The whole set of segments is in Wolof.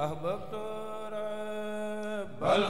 ahbabtu rabbal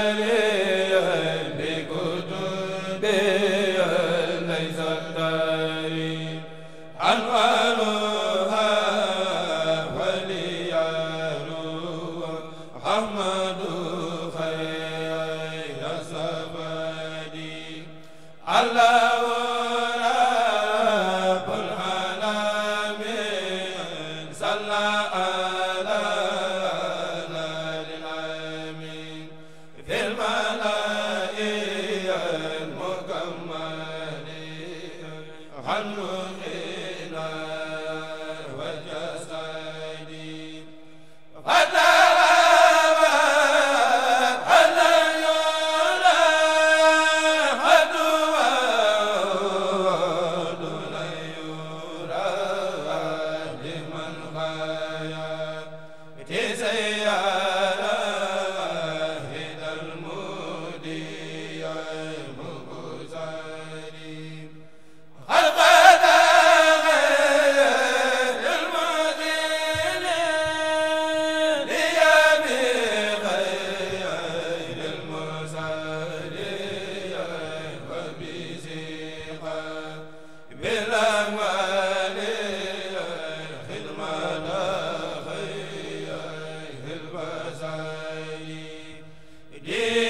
yaa dee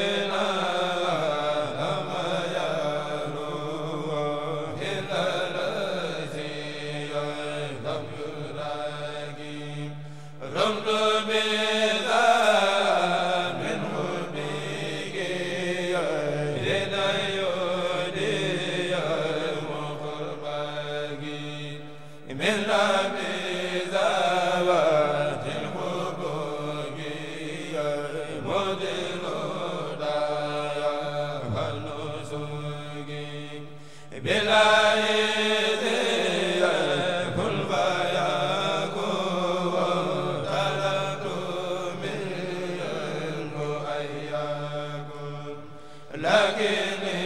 lakin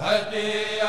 hadi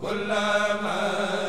كلما